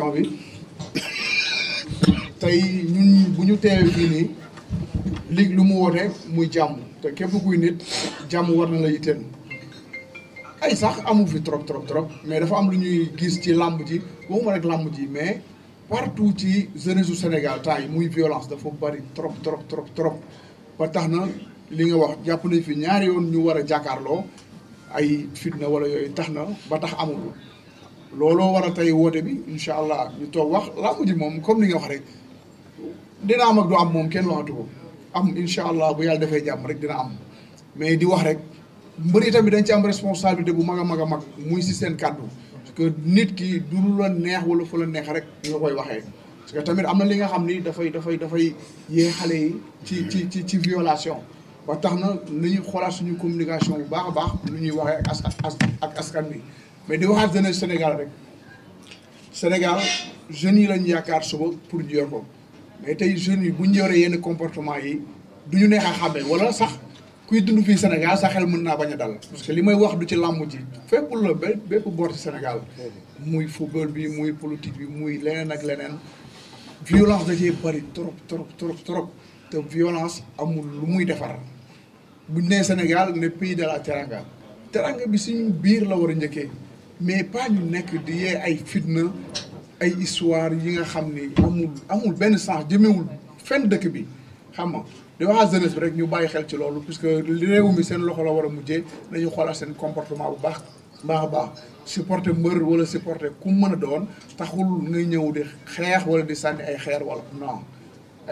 élection tey ñun bu ñu teewee fii nii ligue lu mu woote muy jàmm te képp kuy nit jàmm war na la yitteel ay sax amu fi trop trop trop mais dafa am lu ñuy gis ci làmb ji waxuma rek làmb ji mais partout ci jeunesse Sénégal temps yi muy violence dafa bari trop trop trop trop ba tax na li nga wax jàpp nañ fi ñaari yoon ñu war a jàkkaarloo ay fitna wala yooyu tax na ba tax amul looloo war a tey woote bi incha allah ñu toog wax làmb ji moom comme li nga wax rek dina am ak du am moom kenn waxatu ko am incha allah bu yàlla defee jàmm rek dina am mais di wax rek mbër yi tamit dañ ci am responsabilité bu mag a mag a mag muy si seen kàddu parce que nit ki du lu la neex wala fu la neex rek nga koy waxee parce que tamit am na li nga xam ni dafay dafay dafay yee xale yi ci ci ci ci violation ba tax na nañu xoolaat suñu communication bu baax a baax lu ñuy waxee ak askan ak askan bi mais di waxaat jeunesse Sénégal rek Sénégal jeunes yi lañ yaakaar suba pour ñu yor ko mais tey jeunes yi bu ñu yoree yenn comportement yi du ñu neex a wala sax kuy dund fii Sénégal sa xel mën naa dal. parce que li wax du ci làmb ji fépp ci muy football bi muy politique bi muy leneen ak leneen violence da cee bëri trop trop trop trop te violence amul lu muy defar bu ñu nee Sénégal ne pays de la teranga teranga bi suñu biir la war a mais pas ñu nek di yee ay fitna ay histoire yi nga xam amul amul benn sens jëmewul fenn dëkk bi xam nga di wax jeunesse bi rek ñu bàyyi xel ci loolu puisque réew mi seen loxo la war a mujjee nañu xoolaat seen comportement bu baax baax baax supporter mbër wala supporter ku mën a doon taxul ngay ñëw di xeex wala di sànni ay xeer wala non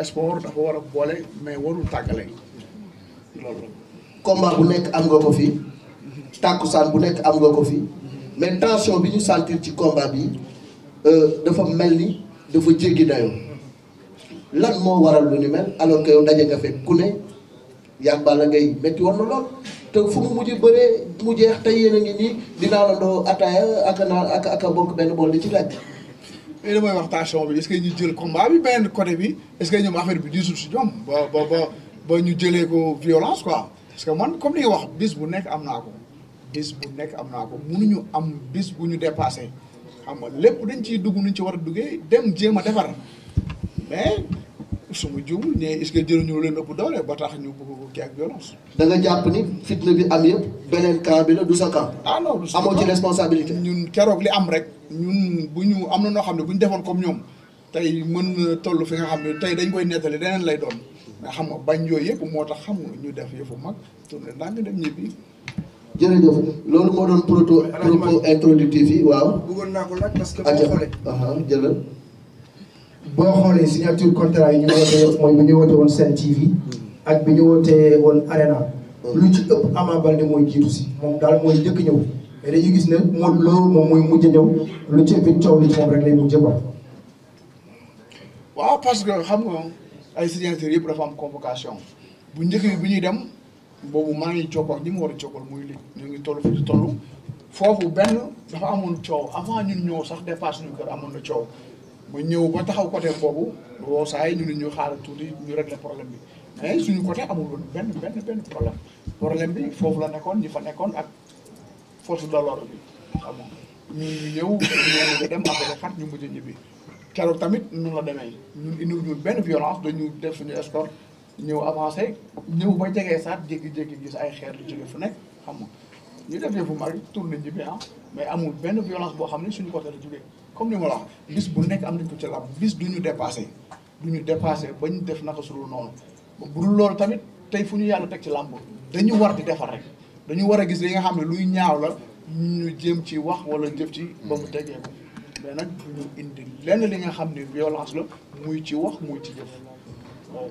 sport dafa war a boole mais warul tàggale loolu combat bu nekk am nga ko fi tàkkusaan bu nekk am nga ko fi mais tension bi ñu combat bi euh, dafa que dafa jéggi Dayo. lan moo waral lu ni mel alors que yow daje fait te a la que ataaya ak naa a mais damay est-ce que combat bi ben côté bi est-ce que ñoom affaire bi diisul si ñu violence quoi parce que moi, comme li wax bis bu nekk am naa ko ñu am bis bu ñu dépassé xam nga lépp dañ ciy dugg nuñ ci war a duggee dem jéem a defar mais su ma jiwul ne est-ce que leen ëpp doole ba tax ñu bëgg kii ak violence. da nga jàpp ni fitna bi yëpp beneen camp bi la du sa camp. Ah du sa amoo ci ñun keroog li am rek ñun bu ñu am na noo xam ne bu ñu defoon comme ñoom tey mën na toll fi nga xam ne tey dañ koy nettali deneen lay doon xam nga bañ yooyu yëpp moo tax xam nga ñu def yëfu mag tourné ndànk dem ñibbi. jërëjëf loolu moo doon proto propos introductif yi waaw. bëggoon naa ko laaj parce que boo xoolee. jëlal boo xoolee signature contrat yi ñu woote mooy bi ñu woote woon Sen TV. ak bi ñu woote woon Arena. lu ci ëpp Ama Baldé mooy jiitu si moom daal mooy njëkk ñëw. mais gis ne moom loolu moom mooy mujj ñëw lu ci ëpp coow li moom rek lay mujj ba. waaw parce que xam nga ay signature yëpp dafa am convocation bu njëkk bi bu ñuy dem. boobu maa ngi jokkoo ak ñi mu war a jokkal muy li ñu ngi toll fi di toll foofu benn dafa amoon coow avant ñun ñëw sax dépasse suñu kër amoon na coow ma ñëw ba taxaw côté boobu woo saa yi ñu ne ñu xaaral tuuti ñu régler problème bi suñu côté amul woon benn benn benn problème problème bi foofu la nekkoon ñi fa nekkoon ak force de l'ordre bi xam nga ñu ñëw dem après xat ñu mujj ñibbi keroog tamit noonu la demee ñun indiwuñu benn violence dañu def suñu escorte ñëw avancé ñëw ba jegee saat jékki-jékki gis ay xeer lu jóge fu nekk xam nga ñu def fu mag tourné ji bi ah. mais amul benn violence boo xam ne suñu côté la jógee comme ni ma la wax bis bu nekk am nañ ko ci làmb bis du ñu dépassé du ñu dépassé bañ def naka su dul noonu bu dul loolu tamit tey fu ñu yàlla teg ci làmb dañu war di defar rek dañu war a gis li nga xam ne luy ñaaw la ñu jéem ci wax wala jëf ci ba mu tegee ko mais nag du ñu indi lenn li nga xam ne violence la muy ci wax muy ci jëf waaw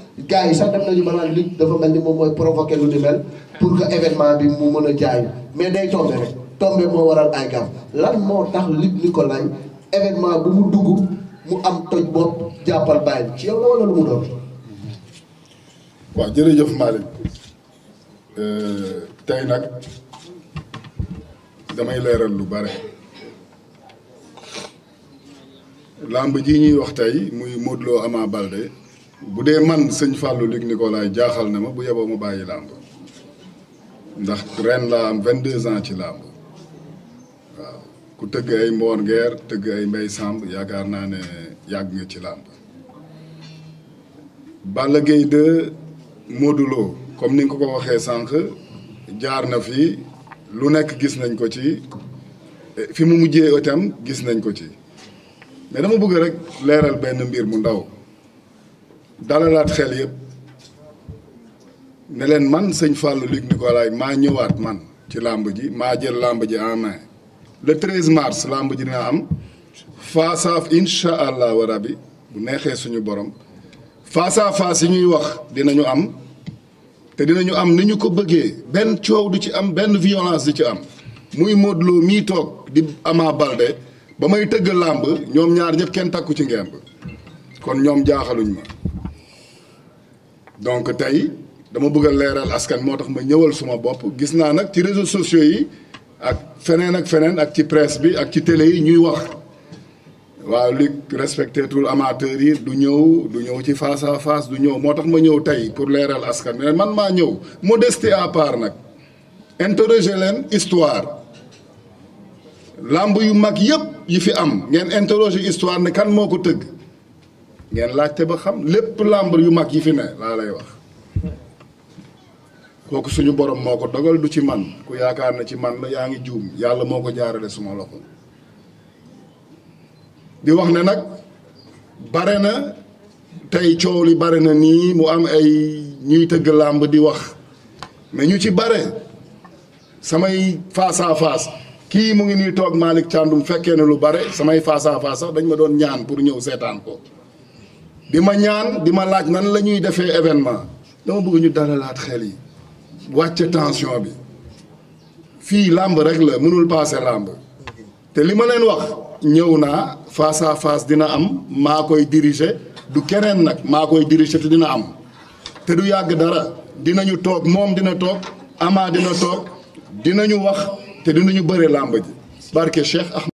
gars yi sax dem nañu ba naan lutte dafa mel ni moom mooy provoquer lu ni mel pour que événement bi mu mën a jaay mais day tombé rek tombé moo waral ay gaaf lan moo tax ko Nicolaï événement bu mu dugg mu am toj bopp jàppal bàyyi ci yow la lu mu doon. waaw jërëjëf Malick euh, tey nag damay leeral lu bare làmb ji ñuy wax tey muy Modou Lo Ama bu dee man sëñ Fallou Luc Nicolaï jaaxal na ma bu yeboo mu bàyyi làmb ndax ren laa am 22 ans ci làmb waaw ku tëgg ay Mbour Nguer tëgg ay Mbaye Samb yaakaar naa ne yàgg nga ci làmb Balla Gaye 2 Modou Lo comme ni nga ko waxee sànq jaar na fi lu nekk gis nañ ko ci eh, fi mu mujjee itam gis nañ ko ci mais dama bëgg rek leeral benn mbir mu ndaw dalalaat xel yëpp ne leen man sëñ Fallou Luc Nicolaï maa ñëwaat man ci làmb ji maa jël làmb ji en main le 13 mars làmb ji dina am face à incha allah wa rabbi bu neexee suñu borom face à yi ñuy wax dinañu am te dinañu am ni ñu ko bëggee benn coow du ci am ben violence du ci am muy Modou mi tok di Ama Baldé ba may tëgg làmb ñoom ñaar ñëpp kenn takku ci ngemb kon ñoom jaaxaluñ ma donc tey dama bëgg a leeral askan moo tax ma ñëwal suma bopp gis naa nag ci réseaux sociaux yi ak fenen ak fenen ak ci presse bi ak ci télé yi ñuy wax waaw li respecté tout amateur yi du ñëw du ñëw ci face à face du ñëw motax ma ñëw tay pour leeral askan mais man ma ñëw modesté à part nak interroger leen histoire lamb yu mag yépp yi fi am ngeen interroger histoire ne kan moko teug ngeen laajte ba xam lépp làmb yu mag yi fi ne laa lay wax kooku suñu borom moo ko dogal du ci man ku yaakaar na ci man la yaa ngi juum yàlla moo ko jaarale suma loxo di wax ne nag bare na tey coow li bare na nii mu am ay ñuy tëgg làmb di wax mais ñu ci bare samay face à face kii mu ngi nii toog Malick mu fekkee ne lu bare samay face à dañ ma doon ñaan pour ñëw seetaan ko bi ma ñaan di ma laaj nan la ñuy defee événement dama bëgg ñu dalalaat xel yi wàcce tension bi fii làmb rek la mënul paase làmb te li ma leen wax ñëw naa face à face dina am maa koy diriger du keneen nag maa koy diriger te dina am te du yàgg dara dinañu toog moom dina toog Ama dina toog ñu wax te dinañu bëre làmb ji barke Cheikh